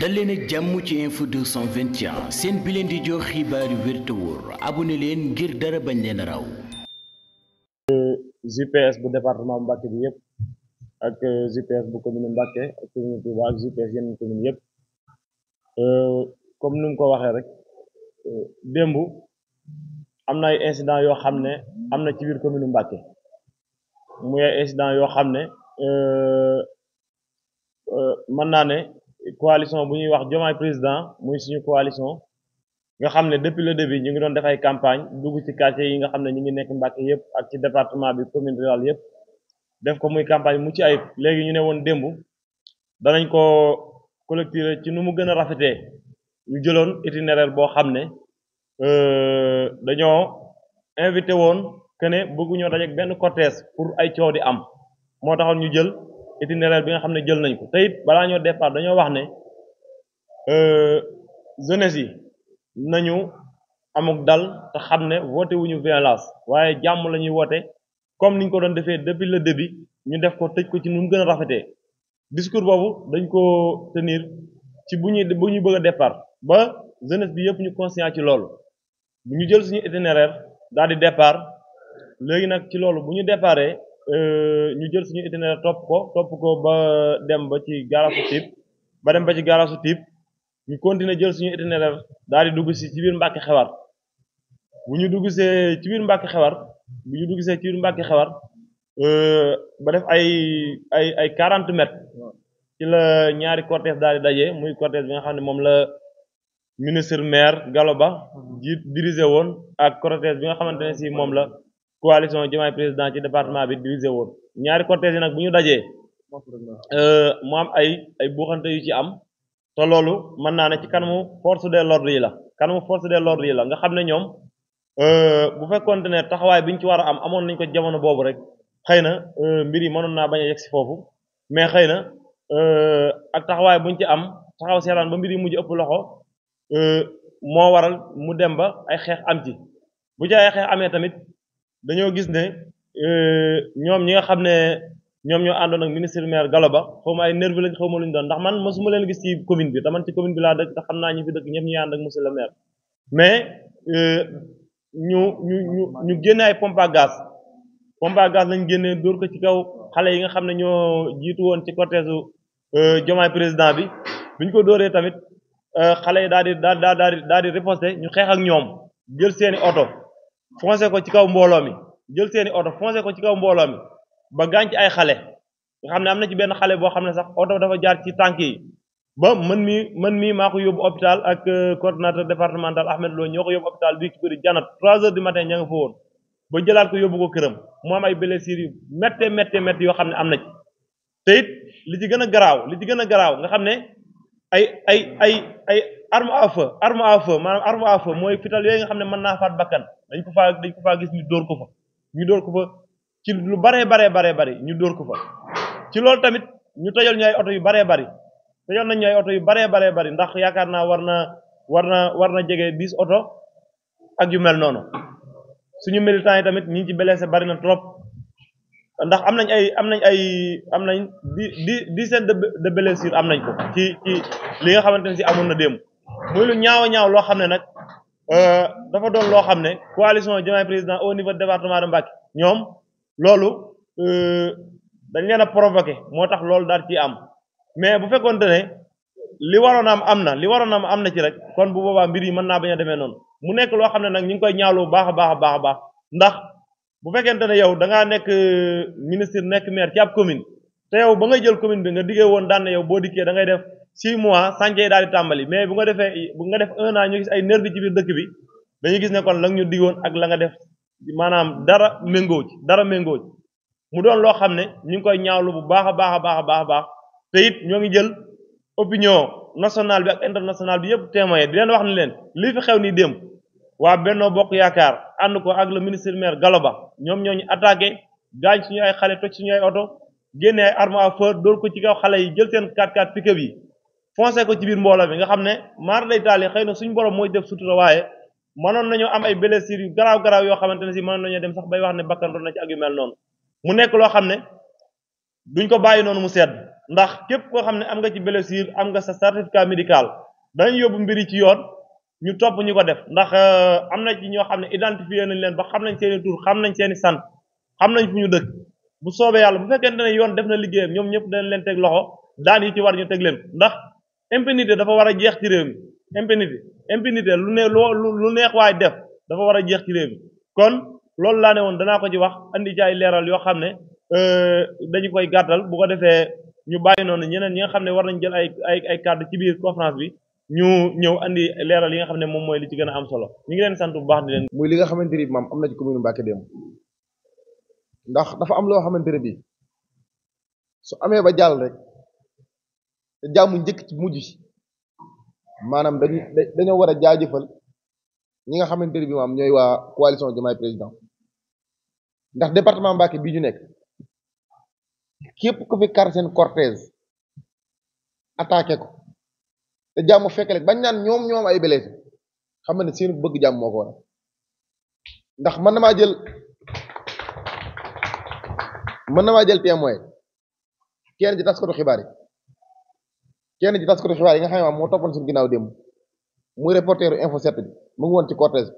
dal leen ak jàmm ci seen bi di jox xibaar yu wér te wóor leen ngir dara bañ leen raw euh, GPS bu département Mbacké bi yëpp ak euh, GPS bu commune Mbacké ak commune Touba ak GPS yeneen commune yëpp euh, comme nu ko waxee rek démb am na ay incident yoo xam ne am na ci biir commune Mbacké muy ay incident yoo xam ne mën naa ne coalition bu ñuy wax Diomaye président muy suñu coalition nga xam ne depuis le début ñu ngi doon defay ay campagne dugg ci quartier yi nga xam ne ñu ngi nekk Mbàkke yëpp ak ci département bi commune rurale yëpp def ko muy campagne mu ci ayib léegi ñu ne woon démb danañ ko collecter ci nu mu gën a rafetee ñu jëloon itinéraire boo xam ne euh, dañoo invité woon kene ne bëgguñoo dajeek benn cortège pour ay coow di am moo taxoon ñu jël itinéraire bi nga xam ne jël nañ ko te it balaa ñoo départ dañoo wax ne euh, jeunesse yi nañu amuk dal te xam ne woote wuñu violence waaye jàmm la ñuy woote comme niñ ko doon defee depuis le debi ñu def ko tëj ko ci nu mu gën a rafetee discours boobu dañ ko tenir ci bu ñuy bu ñu bëgg a départ ba jeunesse bi yëpp ñu conscient ci loolu bu jël suñu itinéraire daal di départ léegi nag ci loolu bu ñu Euh, ñu jël suñu itinéraire topp ko top ko ba dem ba ci gaarasu tiib ba dem ba ci gaarasu tiib ñu continuer jël suñu itinéraire daal di dugg si ci biir Mbàkke Xewar bu ñu dugg see ci biir Mbàkke Xewar bu ñu dugg see ci biir Mbàkke euh, ba def ay ay ay quarante mètres ci la ñaari cortège daal di daje muy cortège bi nga xam ne moom la ministre maire Gallo Ba jiit dirigé woon ak cortège bi nga xamante ne si moom la coalition Diomaye président ci département bi divisé woon ñaari cortège yi nag bu ñu dajee euh, mu am ay ay buuxante yu ci am te loolu mën naa ne ci kanamu force de l'ordre yi la kanamu force de l'ordre yi la nga xam ne ñoom euh, bu fekkonte ne taxawaay bi ci war a am amoon nañ ko jamono boobu rek xëy na euh, mbir yi mënoon naa bañ yegg si foofu mais xëy na ak taxawaay buñ ci am taxaw seetaan ba mbir yi mujj ëpp loxo moo waral mu dem ba ay xeex am ci bu ci ay xeex amee dañoo gis ne euh, ñoom ñi nga xam ne ñoom ñoo àndoon ak ministre maire Gallo Ba xaw ma ay nervi lañ xaw ma luñ doon ndax man mosuma leen gis ci commune bi taman ci commune bi laa dëkk te xam naa ñu fi dëkk ñëpp ñuy mais euh, ñu ñu ñu ñu génne ay pompe à gaz pompe dóor ci kaw xale yi nga xam ne ñoo jiitu woon ci cortège euh, Diomaye président bi biñ ko dóoree tamit xale yi daal di daal daal di daal di riposté ñu xeex ak ñoom jël seeni oto foncé ko ci kaw mbooloo mi jël seeni oto foncé ko ci kaw mbooloo ba gaañ ci ay xale nga xam ne am na ci benn xale boo xam ne sax oto dafa jaar ci tànk yi ba man mi man mii maa ko yóbbu hôpital ak euh, coordonnateur départemental Ahmed Lo ñoo ko yóbbu hôpital bii ci bëri janat trois heures du matin ña nga fa woon ba jëlaat ko yóbbu ko këram mu am ay blessures yu métte métte métte yoo xam ne am na ci te li ci gën garaaw li ci gën a garaaw nga xam ne ay ay arme à feu arme à feu maanaam arme à feu mooy fital yooyu nga xam ne mën naa faat bakkan dañ ko faa dañ ko faa gis ñu dóor ko fa ñu dóor ko fa ci lu baree baree baree bari ñu dóor ko fa ci loolu tamit ñu tëjal ñu ay oto yu baree bari tëjal nañ ñu ay oto yu baree baree bari ndax yaakaar naa war na war na war na jege dix oto ak yu mel noonu suñu militants yi tamit ñi ci blessé bari na trop ndax am nañ ay am nañ ay am nañ di di dizaine de de blessures am nañ ko ci ci li nga xamante ne si amoon na démb muy lu ñaaw a ñaaw loo xam ne nag euh, dafa doon loo xam ne coalition Diomaye président au niveau département de Mbacké ñoom loolu euh, dañ leen a provoqué moo tax loolu daal ci am mais bu fekkoon ne li waroon am am na li waroon am am na ci rek kon bu boobaa mbir yi mën naa bañ demee noonu mu nekk loo xam ne nag ñu ngi koy ñaawlu bu baax a baax a baax a baax ndax bu fekkente ne yow da ngaa nekk euh, ministre nekk maire ci ab commune te yow ba ngay jël commune bi nga diggee woon daan na yow boo dikkee da ngay def six mois sànce yi daal di tàmbali mais bu nga defee bu nga def un an ñu gis ay nervi ci biir dëkk bi dañu gis ne kon la ñu digoon ak la nga def maanaam dara méngoo dara méngoo mu doon loo xam ne ñu ngi koy ñaawlu bu baax a baax a baax a baax a it ñoo ngi jël opinion nationale bi ak international bi yëpp témoin di leen wax ne leen li fi xew ni démb waa Benno Bokk Yaakaar ànd ko ak le ministre maire galo Ba ñoom ñoo ñu attaqué gaañ suñu ay xale toj suñu ay oto génne ay arme ko ci kaw xale yi jël seen 4 x yi foncé ko ci biir mbooloo mi nga xam ne maar day taali xëy na suñ borom mooy def sutura waaye mënoon nañoo am ay blessures yu garaaw garaaw yoo xamante ne si mënoon nañoo dem sax bay wax ne bakkan na ci ak yu mel noonu mu nekk loo xam ne duñ ko bàyyi noonu mu sedd ndax képp koo xam ne am nga ci blessure am nga sa certificat médical dañu yóbbu mbiri ci yoon ñu topp ñu ko def ndax euh, am na ci ñoo xam ne identifié nañ leen ba xam nañ seeni tur xam nañ seeni sant xam nañ fu ñu dëkk bu soobee yàlla bu fekkente ne yoon def na liggéeyam ñoom ñëpp dañ leen teg loxo daan yi ci war teg leen ndax impunité dafa war a jeex ci réew mi impunité impunité lu ne lu neex waay def dafa war a jeex ci réew mi kon loolu laa ne woon danaa ko ci wax andi ci ay leeral yoo xam ne euh, dañu koy gàttal bu ko defee ñu bàyyi noonu ñeneen ñi nga xam ne war nañ jël ay ay ay kàddu ci biir conférence bi ñu ñëw andi leeral yi xam ne moom mooy li ci gën a am solo ñu ngi leen sant bu baax di leen. muy li nga xamante ni maam am na ci commune Mbacké démb ndax dafa am loo xamante ne bii su amee ba jàll rek. te jaamu njëkk ci mujj si maanaam dañu dañoo war a jaajëfal ñi nga xamante ne bi maam ñooy waa coalition Diomaye président ndax département Mbacké bii ñu nekk képp ku fi kar seen cortège attaqué ko te jàmm fekk rek bañ naan ñoom ñoom ay blessé xam ne seen bëgg jàmm moo ko ndax mën na maa jël mën na maa jël témoin kenn ji taskatu xibaar yi kenn ci taskatu xibaar yi nga xam ne moo toppoon suñu ginnaaw démb muy reporteru info 7 bi ngi woon ci cortège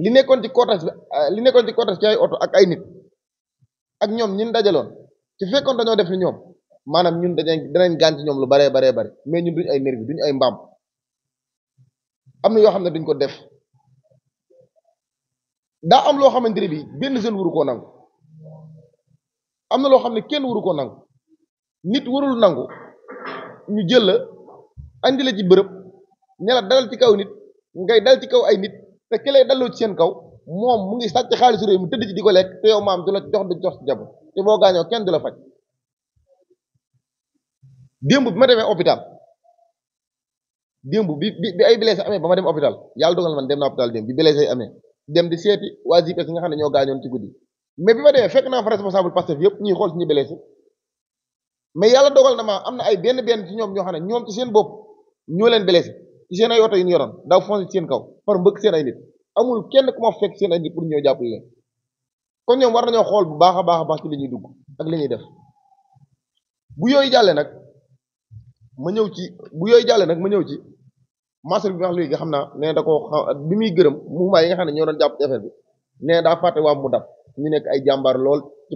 bi li nekkoon ci coté bi ah, li nekkoon ci cortège ci ay oto ak ay nit ak ñoom ñun dajaloon ci fekkoon dañoo def ni ñoom maanaam ñun dañu danañ gaañ ci ñoom lu baree baree bare mais ñun duñ ay nervi duñu ay mbaam am na yoo xam ne duñ ko def daa am loo xamante ne bii benn jeune wuru koo nangu am na loo xam ne kenn wuru koo nangu. nit warul nangu ñu jël la andi la ci bërëb ne la dalal ci kaw nit ngay dal ci kaw ay nit te ki lay dalloo ci seen kaw moom mu ngi sàcc xaalisu réew mi tëdd ci di ko lekk te yow maam du la jox du jox jabu te boo gaañoo kenn du la faj démb bi ma demee hôpital démb bi bi ay blessé amee ba ma dem hôpital yàlla dogal man dem na nga xam ne ñoo gaañoon ci guddi mais bi ma demee fekk naa fa responsable Pastef yëpp ñuy xool ci ñu blessé mais yàlla dogal na ma am na ay benn benn ci ñoom ñoo xam ne ñoom ci seen bopp ñoo leen blessé ci seen ay oto yu ñu yoroon daaw foncé ci seen kaw par bëgg seen ay nit amul kenn ku ma fekk seen ay nit pour ñëw jàppale leen kon ñoom war nañoo xool bu baax a baax a baax ci li ñuy dugg ak li ñuy def bu yooyu jàllee nag ma ñëw ci bu yooyu jàllee nag ma ñëw ci marché bi wax léegi xam naa nee da ko bi muy gërëm mouvement yi nga xam ne ñoo doon jàpp ci affaire bi nee daa fàtte waa mu dab ñu nekk ay jàmbaar lool ci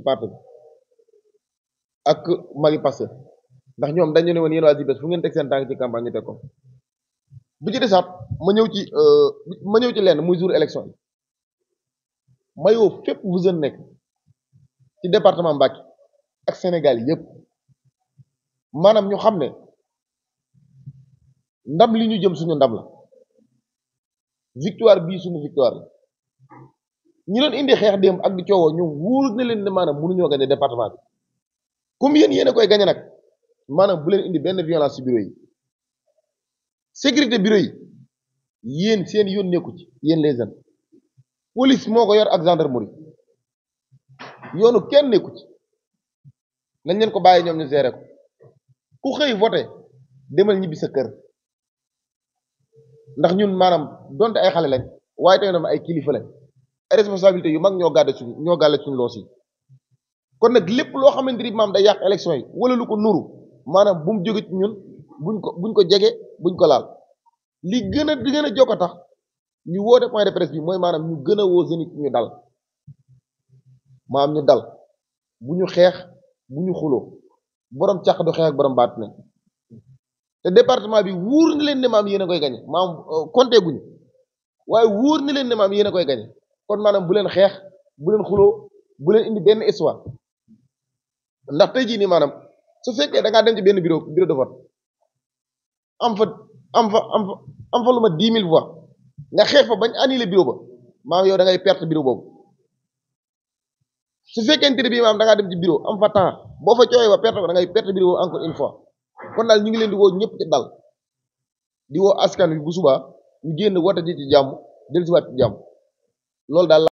ak magi Pastef ndax ñoom dañu ne woon yéen waa Zibes fu ngeen teg seen tànk ci campagne ñu teg ko bu ci desaat ma ñëw ci euh, ma ñëw ci lenn muy jur élection yi mayoo fépp vous en nekk ci département Mbacké ak Sénégal yëpp maanaam ñu xam ne ndam li ñu jëm suñu ndam la victoire bii suñu victoire la ñi doon indi xeex démb ak di ñu wóor na leen ne maanaam mënuñoo gagné département bi comme yéen yéen a koy gagné nag maanam bu leen indi benn violence ci bureau yi sécurité bureau yi yéen seen yoon nekku ci yéen le jeunes police moo ko yor ak gendarmerie yoonu kenn nekku ci nañ leen ko bàyyi ñoom ñu gérer ko ku xëy voté demal ñibbi sa kër ndax ñun maanaam donte ay xale lañ waaye tamit ay kilifa lañ ay responsabilité yu mag ñoo gàdde suñ ñoo gàlle suñ yi kon nag lépp loo xamante ni maam day yàq élection yi wala lu ko nuru maanaam bum mu jóge ñun buñ ko buñ ko jege buñ ko laal li gën a di gën a tax ñu woote point de presse bi mooy maanaam ñu gën a woo nit ñu dal maam ñu dal bu ñu xeex bu ñu xuloo borom càq du xeex ak baat na te département bi wóor na leen ne maam yéen koy gañe maam euh, compté guñu waaye wóor na leen ne maam yéen a koy gañe kon maanaam bu leen xeex bu leen xuloo bu leen indi benn histoire ndax tey jii nii maanaam su fekkee dangaa dem ci benn bureau bureau de vote fa am fa am fa am fa lu ma dix mille voix nga xeex fa bañ annulé bureau ba maam yow da ngay perte bureau boobu su fekkente de bi maam da ngaa dem ci bureau am fa temps boo fa coowee ba perte ba da ngay perte bureau boobu encore une fois kon daal ñu ngi leen di woo ñëpp ci dal di woo askan wi bu suba ñu génn wote ji ci jàmm dellusiwaat ci daal.